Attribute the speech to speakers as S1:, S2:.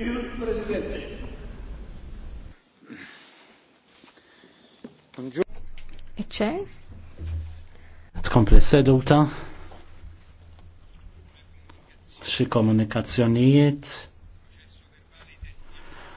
S1: Il-Presidente.
S2: Iċċer.
S3: Tkompli seduta. Xi komunikazzjonijiet.